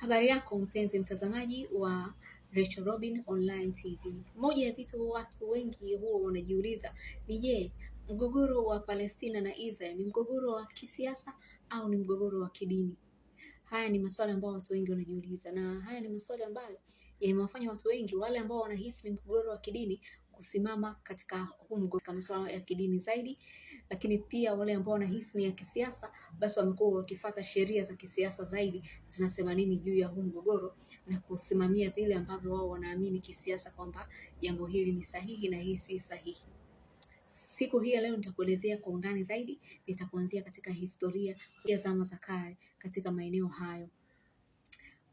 Habari yako mpenzi mtazamaji wa Rachel Robin Online TV. Moja ya vitu watu wengi huwa wanajiuliza ni je, mgogoro wa Palestina na Israel ni mgogoro wa kisiasa au ni mgogoro wa kidini? Haya ni maswali ambayo watu wengi wanajiuliza, na haya ni maswali ambayo yamewafanya watu wengi wale ambao wanahisi ni mgogoro wa kidini kusimama katika huu mgogoro katika masuala ya kidini zaidi, lakini pia wale ambao wanahisi ni ya kisiasa, basi wamekuwa wakifata sheria za kisiasa zaidi zinasema nini juu ya huu mgogoro na kusimamia vile ambavyo wao wanaamini kisiasa kwamba jambo hili ni sahihi na hii si sahihi. Siku hii ya leo nitakuelezea kwa undani zaidi, nitakuanzia katika historia ya zama za kale katika maeneo hayo.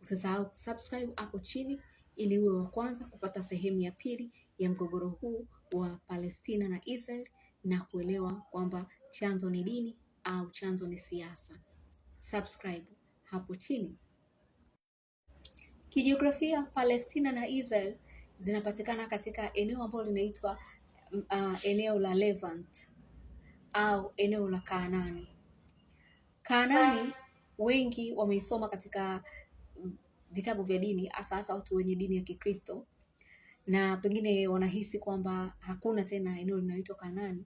Usisahau kusubscribe hapo chini ili uwe wa kwanza kupata sehemu ya pili ya mgogoro huu wa Palestina na Israel na kuelewa kwamba chanzo ni dini au chanzo ni siasa. Subscribe hapo chini. Kijiografia, Palestina na Israel zinapatikana katika eneo ambalo linaitwa uh, eneo la Levant au eneo la Kanaani. Kanaani wengi wameisoma katika vitabu vya dini, hasa hasa watu wenye dini ya Kikristo na pengine wanahisi kwamba hakuna tena eneo linaloitwa Kanaani,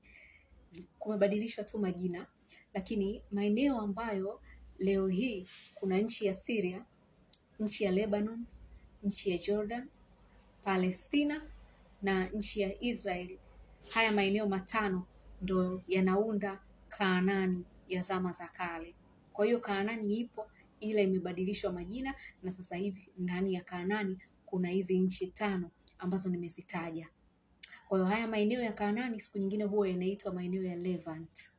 kumebadilishwa tu majina, lakini maeneo ambayo leo hii kuna nchi ya Syria, nchi ya Lebanon, nchi ya Jordan, Palestina na nchi ya Israeli, haya maeneo matano ndo yanaunda Kanaani ya zama za kale. Kwa hiyo Kanaani ipo ila imebadilishwa majina, na sasa hivi ndani ya Kanaani kuna hizi nchi tano ambazo nimezitaja. Kwa hiyo haya maeneo ya Kanaani siku nyingine huwa yanaitwa maeneo ya Levant.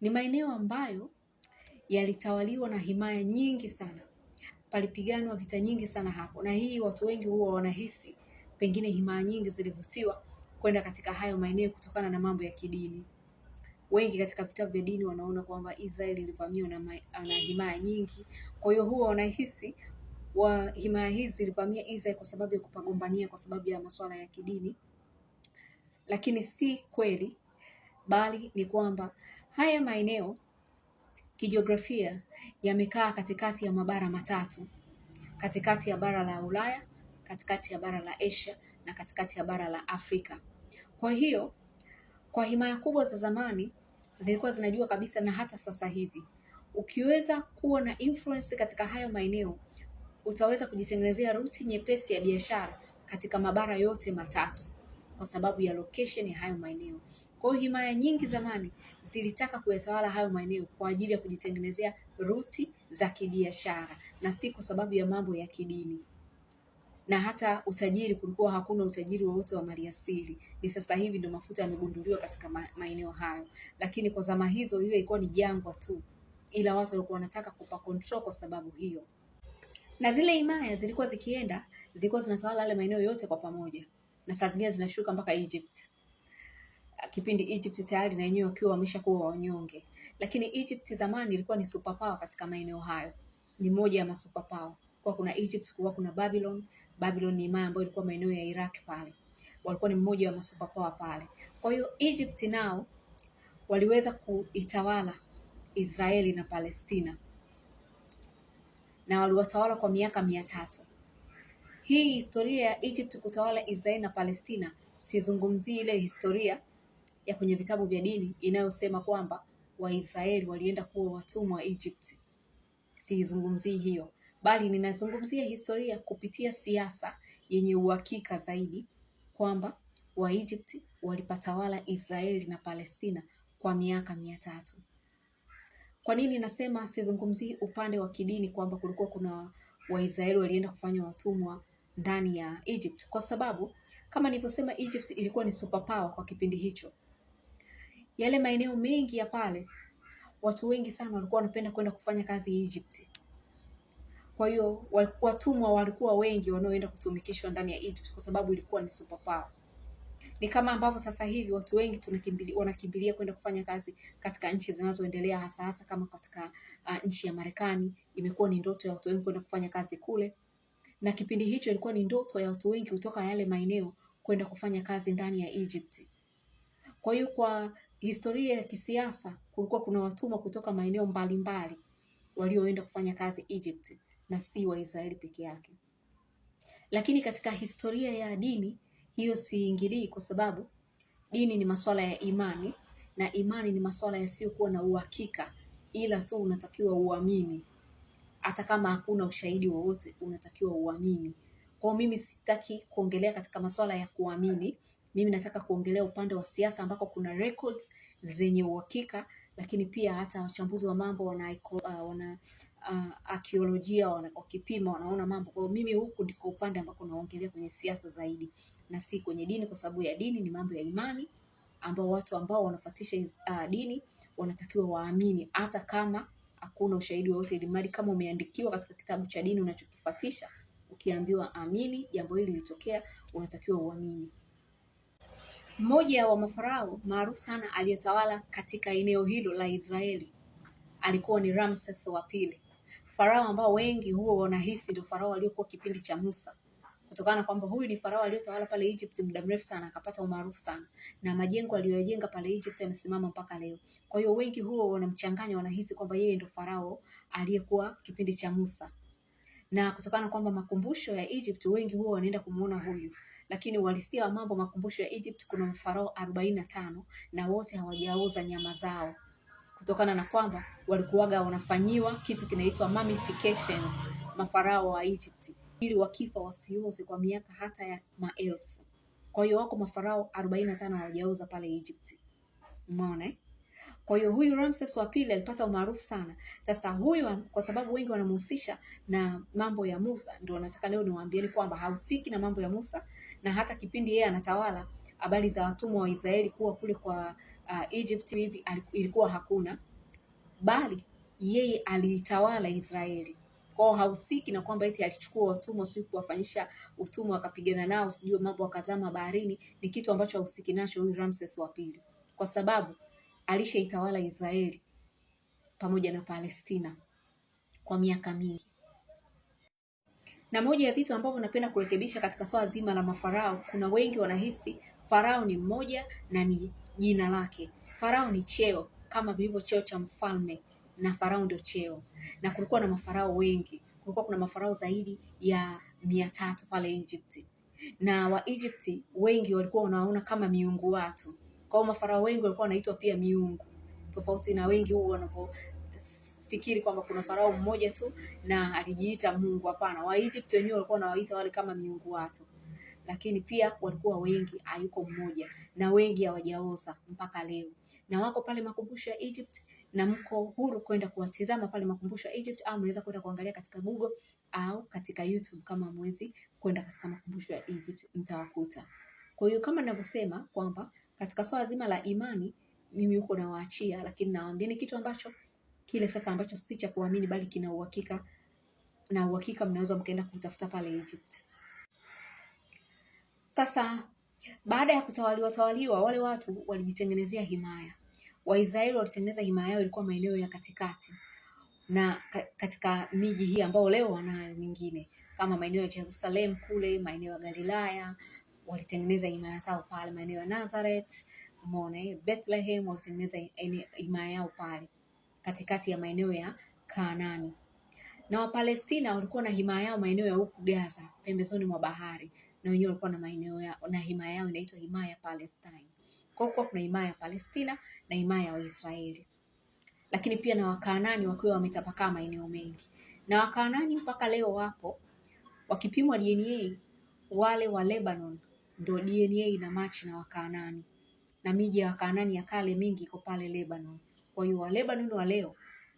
Ni maeneo ambayo yalitawaliwa na himaya nyingi sana, palipiganwa vita nyingi sana hapo, na hii watu wengi huwa wanahisi pengine himaya nyingi zilivutiwa kwenda katika hayo maeneo kutokana na mambo ya kidini. Wengi katika vitabu vya dini wanaona kwamba Israeli ilivamiwa na, na himaya nyingi, kwa hiyo huwa wanahisi wa himaya hizi ilivamia Israel kwa sababu ya kupagombania kwa sababu ya masuala ya kidini, lakini si kweli, bali ni kwamba haya maeneo kijiografia yamekaa katikati ya mabara matatu, katikati ya bara la Ulaya, katikati ya bara la Asia na katikati ya bara la Afrika. Kwa hiyo kwa himaya kubwa za zamani zilikuwa zinajua kabisa, na hata sasa hivi ukiweza kuwa na influence katika hayo maeneo utaweza kujitengenezea ruti nyepesi ya biashara katika mabara yote matatu kwa sababu ya location ya hayo maeneo. Kwa hiyo himaya nyingi zamani zilitaka kuyatawala hayo maeneo kwa ajili ya kujitengenezea ruti za kibiashara na si kwa sababu ya mambo ya kidini. Na hata utajiri, kulikuwa hakuna utajiri wowote wa, wa maliasili. Ni sasa hivi ndio mafuta yamegunduliwa katika maeneo hayo, lakini kwa zama hizo ile ilikuwa ni jangwa tu, ila watu walikuwa wanataka kupa control kwa sababu hiyo na zile himaya zilikuwa zikienda, zilikuwa zinatawala yale maeneo yote kwa pamoja, na saa zingine zinashuka mpaka Egypt, kipindi Egypt tayari na wenyewe wakiwa wameshakuwa wanyonge. Lakini Egypt zamani ilikuwa ni superpower katika maeneo hayo, ni moja ya masuperpower kwa kuna Egypt, kwa kuna Babylon. Babylon ni himaya ambayo ilikuwa maeneo ya Iraq pale, walikuwa ni mmoja wa masuperpower pale. Kwa hiyo Egypt nao waliweza kuitawala Israeli na Palestina na waliwatawala kwa miaka mia tatu. Hii historia ya Egypt kutawala Israeli na Palestina, sizungumzii ile historia ya kwenye vitabu vya dini inayosema kwamba Waisraeli walienda kuwa watumwa wa Egypt. Siizungumzii hiyo, bali ninazungumzia historia kupitia siasa yenye uhakika zaidi kwamba Waegypti walipatawala Israeli na Palestina kwa miaka mia tatu. Kwa nini nasema sizungumzii upande wa kidini kwamba kulikuwa kuna Waisraeli walienda kufanya watumwa ndani ya Egypt? Kwa sababu kama nilivyosema, Egypt ilikuwa ni superpower kwa kipindi hicho. Yale maeneo mengi ya pale, watu wengi sana walikuwa wanapenda kwenda kufanya kazi Egypt. Kwa hiyo watumwa walikuwa wengi wanaoenda kutumikishwa ndani ya Egypt kwa sababu ilikuwa ni superpower. Ni kama ambavyo sasa hivi watu wengi tunakimbilia, wanakimbilia kwenda kufanya kazi katika nchi zinazoendelea, hasa hasa kama katika uh, nchi ya Marekani. Imekuwa ni ndoto ya watu wengi kwenda kufanya kazi kule, na kipindi hicho ilikuwa ni ndoto ya watu wengi kutoka yale maeneo kwenda kufanya kazi ndani ya Egypt. Kwa hiyo kwa historia ya kisiasa kulikuwa kuna watumwa kutoka maeneo mbalimbali walioenda kufanya kazi Egypt na si Waisraeli peke yake. Lakini katika historia ya dini hiyo siingilii, kwa sababu dini ni masuala ya imani na imani ni masuala yasiyokuwa na uhakika, ila tu unatakiwa uamini. Hata kama hakuna ushahidi wowote, unatakiwa uamini. Kwa mimi sitaki kuongelea katika masuala ya kuamini, mimi nataka kuongelea upande wa siasa ambako kuna records zenye uhakika, lakini pia hata wachambuzi wa mambo wana, wana uh, akiolojia wakipima wanaona mambo. Kwa mimi huku ndiko upande ambako naongelea kwenye siasa zaidi na si kwenye dini, kwa sababu ya dini ni mambo ya imani ambao watu ambao wanafuatisha uh, dini wanatakiwa waamini hata kama hakuna ushahidi wowote, ili mradi kama umeandikiwa katika kitabu cha dini unachokifuatisha, ukiambiwa amini jambo hili lilitokea, unatakiwa uamini. Mmoja wa mafarao maarufu sana aliyetawala katika eneo hilo la Israeli alikuwa ni Ramses wa pili. Farao ambao wengi huo wanahisi ndio Farao aliyokuwa kipindi cha Musa kutokana kwamba huyu ni Farao aliyotawala pale Egypt muda mrefu sana, akapata umaarufu sana, na majengo aliyojenga pale Egypt yamesimama mpaka leo. Kwa hiyo wengi huo wanamchanganya, wanahisi kwamba yeye ndio Farao aliyekuwa kipindi cha Musa, na kutokana kwamba makumbusho ya Egypt wengi huo wanaenda kumuona huyu, lakini uhalisia wa mambo, makumbusho ya Egypt kuna mfarao arobaini na tano na wote hawajauza nyama zao kutokana na kwamba walikuwaga wanafanyiwa kitu kinaitwa mummifications mafarao wa Egypt, ili wakifa wasioze kwa miaka hata ya maelfu. Kwa hiyo wako mafarao 45 hawajaoza pale Egypt, umeona? Kwa hiyo huyu Ramses wa pili alipata umaarufu sana. Sasa huyu kwa sababu wengi wanamhusisha na mambo ya Musa, ndio nataka leo niwaambieni kwamba hahusiki na mambo ya Musa, na hata kipindi yeye anatawala, habari za watumwa wa Israeli kuwa kule kwa uh, Egypt hivi ilikuwa hakuna, bali yeye aliitawala Israeli kwao. Hahusiki na kwamba eti alichukua watumwa sijui kuwafanyisha utumwa wakapigana nao sijui mambo wakazama baharini, ni kitu ambacho hausiki nacho huyu Ramses wa pili, kwa sababu alishaitawala Israeli pamoja na Palestina kwa miaka mingi. Na moja ya vitu ambavyo napenda kurekebisha katika swala zima la mafarao, kuna wengi wanahisi farao ni mmoja na ni jina lake. Farao ni cheo kama vilivyo cheo cha mfalme, na farao ndio cheo, na kulikuwa na mafarao wengi. Kulikuwa kuna mafarao zaidi ya mia tatu pale Egypt, na wa Egypt wengi walikuwa wanaona kama miungu watu. Kwa hiyo mafarao wengi walikuwa wanaitwa pia miungu, tofauti na wengi wanavyo fikiri kwamba kuna farao mmoja tu na alijiita Mungu. Hapana, wa Egypt wenyewe walikuwa wanawaita wale kama miungu watu lakini pia walikuwa wengi, hayuko mmoja, na wengi hawajaoza mpaka leo, na wako pale makumbusho ya Egypt na mko huru kwenda kuwatizama pale makumbusho ya Egypt, au mnaweza kwenda kuangalia katika Google au katika YouTube. Kama mwezi kwenda katika makumbusho ya Egypt mtawakuta. Kwa hiyo kama ninavyosema kwamba katika swala zima la imani, mimi huko nawaachia, lakini nawaambieni kitu ambacho kile sasa ambacho si cha kuamini, bali kina uhakika na uhakika, mnaweza mkaenda kutafuta pale Egypt. Sasa baada ya kutawaliwa tawaliwa wale watu walijitengenezea himaya. Waisraeli walitengeneza himaya yao, ilikuwa maeneo ya katikati na katika miji hii ambao leo wanayo mingine kama maeneo ya Jerusalem kule, maeneo ya Galilaya walitengeneza himaya zao pale, maeneo ya Nazareth, umeona eh, Bethlehem, walitengeneza himaya yao pale katikati ya maeneo ya Kanaani, na Wapalestina walikuwa na himaya yao maeneo ya huku Gaza, pembezoni mwa bahari na wenyewe walikuwa na maeneo yao na himaya yao inaitwa himaya Palestine. Kwa hiyo kuna himaya ya Palestina na himaya ya Waisraeli, lakini pia na Wakaanani wakiwa wametapakaa maeneo mengi, na Wakaanani mpaka leo wapo. Wakipimwa DNA wale wa Lebanon ndio DNA ina match na Wakaanani, na miji ya Wakaanani ya kale mingi iko pale Lebanon. Kwa hiyo wa Lebanon wa leo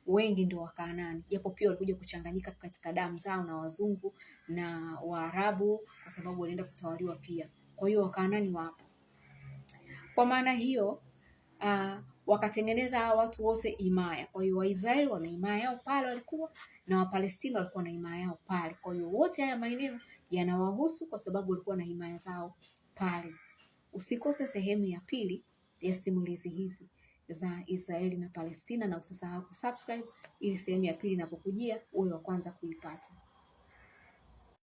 wengi ndio Wakanaani, japo pia walikuja kuchanganyika katika damu zao na wazungu na Waarabu kwa sababu walienda kutawaliwa pia. Kwa hiyo Wakanaani wapo. Kwa maana hiyo uh, wakatengeneza hawa watu wote imaya Kwa hiyo Waisraeli wana imaya yao pale walikuwa na Wapalestina walikuwa na imaya yao pale. Kwa hiyo wote haya maeneo yanawahusu kwa sababu walikuwa na imaya zao pale. Usikose sehemu ya pili ya simulizi hizi za Israeli na Palestina, na usisahau kusubscribe ili sehemu ya pili inapokujia uwe wa kwanza kuipata.